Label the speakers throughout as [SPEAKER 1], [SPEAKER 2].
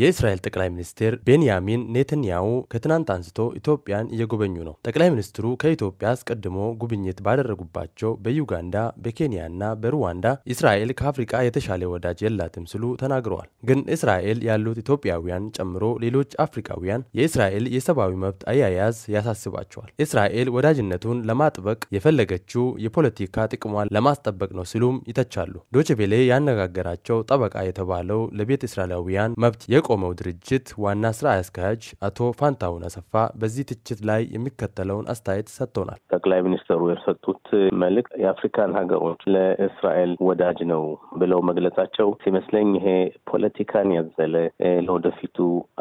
[SPEAKER 1] የእስራኤል ጠቅላይ ሚኒስትር ቤንያሚን ኔተንያሁ ከትናንት አንስቶ ኢትዮጵያን እየጎበኙ ነው። ጠቅላይ ሚኒስትሩ ከኢትዮጵያ አስቀድሞ ጉብኝት ባደረጉባቸው በዩጋንዳ፣ በኬንያና በሩዋንዳ እስራኤል ከአፍሪቃ የተሻለ ወዳጅ የላትም ሲሉ ተናግረዋል። ግን እስራኤል ያሉት ኢትዮጵያውያን ጨምሮ ሌሎች አፍሪካውያን የእስራኤል የሰብአዊ መብት አያያዝ ያሳስባቸዋል። እስራኤል ወዳጅነቱን ለማጥበቅ የፈለገችው የፖለቲካ ጥቅሟን ለማስጠበቅ ነው ሲሉም ይተቻሉ። ዶችቬሌ ያነጋገራቸው ጠበቃ የተባለው ለቤተ እስራኤላውያን መብት የቆመው ድርጅት ዋና ስራ አስኪያጅ አቶ ፋንታሁን አሰፋ በዚህ ትችት ላይ የሚከተለውን አስተያየት ሰጥቶናል።
[SPEAKER 2] ጠቅላይ ሚኒስትሩ የሰጡት መልእክት የአፍሪካን ሀገሮች ለእስራኤል ወዳጅ ነው ብለው መግለጻቸው ሲመስለኝ ይሄ ፖለቲካን ያዘለ ለወደፊቱ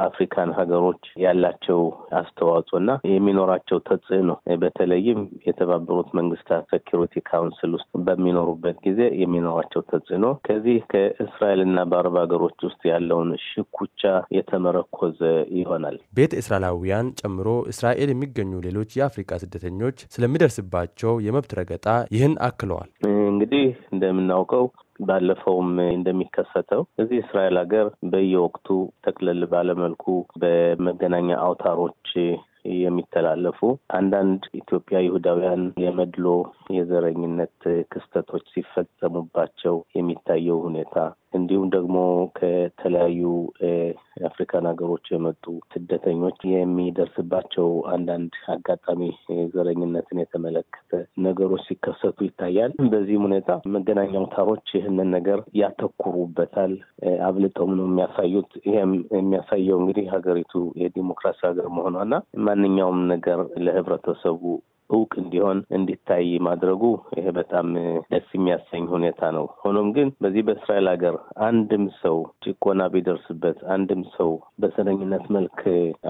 [SPEAKER 2] አፍሪካን ሀገሮች ያላቸው አስተዋጽኦ እና የሚኖራቸው ተጽዕኖ በተለይም የተባበሩት መንግስታት ሴኪሪቲ ካውንስል ውስጥ በሚኖሩበት ጊዜ የሚኖራቸው ተጽዕኖ ከዚህ ከእስራኤል እና በአረብ ሀገሮች ውስጥ ያለውን ሽኩ ብቻ የተመረኮዘ ይሆናል።
[SPEAKER 1] ቤተ እስራኤላውያን ጨምሮ እስራኤል የሚገኙ ሌሎች የአፍሪካ ስደተኞች ስለሚደርስባቸው የመብት ረገጣ ይህን አክለዋል።
[SPEAKER 2] እንግዲህ እንደምናውቀው ባለፈውም እንደሚከሰተው እዚህ እስራኤል ሀገር በየወቅቱ ጠቅለል ባለመልኩ በመገናኛ አውታሮች የሚተላለፉ አንዳንድ ኢትዮጵያ ይሁዳውያን የመድሎ የዘረኝነት ክስተቶች ሲፈጸሙባቸው የሚታየው ሁኔታ እንዲሁም ደግሞ ከተለያዩ የአፍሪካን ሀገሮች የመጡ ስደተኞች የሚደርስባቸው አንዳንድ አጋጣሚ ዘረኝነትን የተመለከተ ይታያል። በዚህም ሁኔታ መገናኛ አውታሮች ይህንን ነገር ያተኩሩበታል፣ አብልጠውም ነው የሚያሳዩት። ይህም የሚያሳየው እንግዲህ ሀገሪቱ የዲሞክራሲ ሀገር መሆኗና ማንኛውም ነገር ለህብረተሰቡ እውቅ እንዲሆን እንዲታይ ማድረጉ ይሄ በጣም ደስ የሚያሰኝ ሁኔታ ነው። ሆኖም ግን በዚህ በእስራኤል ሀገር አንድም ሰው ጭቆና ቢደርስበት፣ አንድም ሰው በሰነኝነት መልክ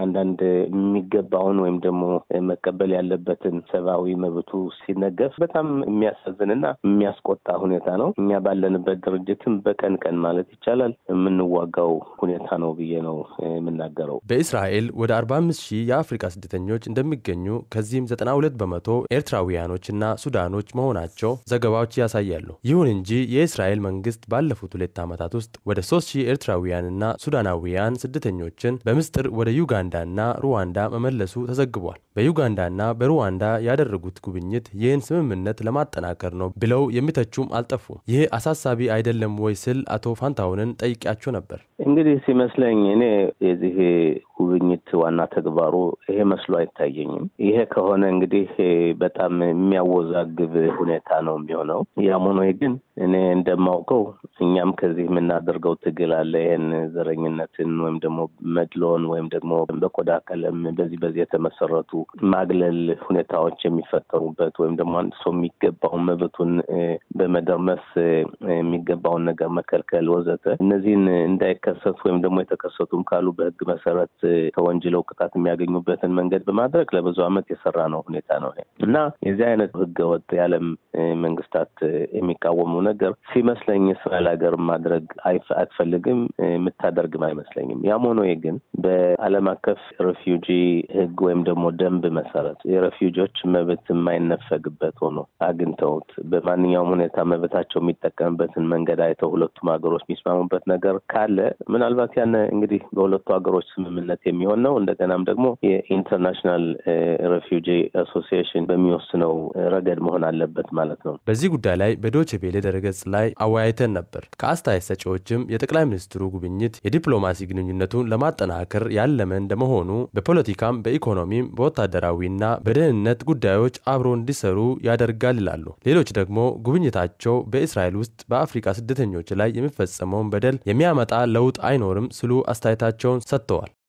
[SPEAKER 2] አንዳንድ የሚገባውን ወይም ደግሞ መቀበል ያለበትን ሰብአዊ መብቱ ሲነገፍ በጣም የሚያሳዝንና የሚያስቆጣ ሁኔታ ነው። እኛ ባለንበት ድርጅትም በቀን ቀን ማለት ይቻላል የምንዋጋው ሁኔታ ነው ብዬ
[SPEAKER 1] ነው የምናገረው። በእስራኤል ወደ አርባ አምስት ሺህ የአፍሪካ ስደተኞች እንደሚገኙ ከዚህም ዘጠና ሁለት በ በመቶ ኤርትራውያኖችና ሱዳኖች መሆናቸው ዘገባዎች ያሳያሉ። ይሁን እንጂ የእስራኤል መንግስት ባለፉት ሁለት ዓመታት ውስጥ ወደ 3000 ኤርትራውያንና ሱዳናዊያን ስደተኞችን በምስጢር ወደ ዩጋንዳና ሩዋንዳ መመለሱ ተዘግቧል። በዩጋንዳና በሩዋንዳ ያደረጉት ጉብኝት ይህን ስምምነት ለማጠናከር ነው ብለው የሚተቹም አልጠፉም። ይህ አሳሳቢ አይደለም ወይ ስል አቶ ፋንታሁንን ጠይቂያቸው ነበር።
[SPEAKER 2] እንግዲህ ሲመስለኝ እኔ የዚህ ጉብኝት ዋና ተግባሩ ይሄ መስሎ አይታየኝም። ይሄ ከሆነ እንግዲህ በጣም የሚያወዛግብ ሁኔታ ነው የሚሆነው። ያም ሆኖ ግን እኔ እንደማውቀው እኛም ከዚህ የምናደርገው ትግል አለ። ይህን ዘረኝነትን ወይም ደግሞ መድሎን ወይም ደግሞ በቆዳ ቀለም በዚህ በዚህ የተመሰረቱ ማግለል ሁኔታዎች የሚፈጠሩበት ወይም ደግሞ አንድ ሰው የሚገባውን መብቱን በመደርመስ የሚገባውን ነገር መከልከል ወዘተ እነዚህን እንዳይከሰቱ ወይም ደግሞ የተከሰቱም ካሉ በህግ መሰረት ተወንጅለው ቅጣት የሚያገኙበትን መንገድ በማድረግ ለብዙ ዓመት የሰራ ነው ሁኔታ ነው እና የዚህ አይነት ወጥ የዓለም መንግስታት የሚቃወመው ነገር ሲመስለኝ እስራኤል ሀገር ማድረግ አትፈልግም የምታደርግም አይመስለኝም። ያም ሆኖ ግን በአለም አቀፍ ሪፊውጂ ህግ ወይም ደግሞ ደንብ መሰረት የረፊውጆች መብት የማይነፈግበት ሆኖ አግኝተውት በማንኛውም ሁኔታ መብታቸው የሚጠቀምበትን መንገድ አይተው ሁለቱም ሀገሮች የሚስማሙበት ነገር ካለ ምናልባት ያን እንግዲህ በሁለቱ ሀገሮች ስምምነት የሚሆን ነው። እንደገናም ደግሞ የኢንተርናሽናል ሬፊውጂ አሶሲሽን በሚወስነው ረገድ መሆን አለበት ማለት ነው።
[SPEAKER 1] በዚህ ጉዳይ ላይ በዶች ቤሌ ደረገጽ ላይ አወያይተን ነበር። ከአስተያየት ሰጪዎችም የጠቅላይ ሚኒስትሩ ጉብኝት የዲፕሎማሲ ግንኙነቱን ለማጠናከር ያለመ እንደመሆኑ በፖለቲካም በኢኮኖሚም በወታ በወታደራዊና በደህንነት ጉዳዮች አብሮ እንዲሰሩ ያደርጋል ይላሉ። ሌሎች ደግሞ ጉብኝታቸው በእስራኤል ውስጥ በአፍሪካ ስደተኞች ላይ የሚፈጸመውን በደል የሚያመጣ ለውጥ አይኖርም ሲሉ አስተያየታቸውን ሰጥተዋል።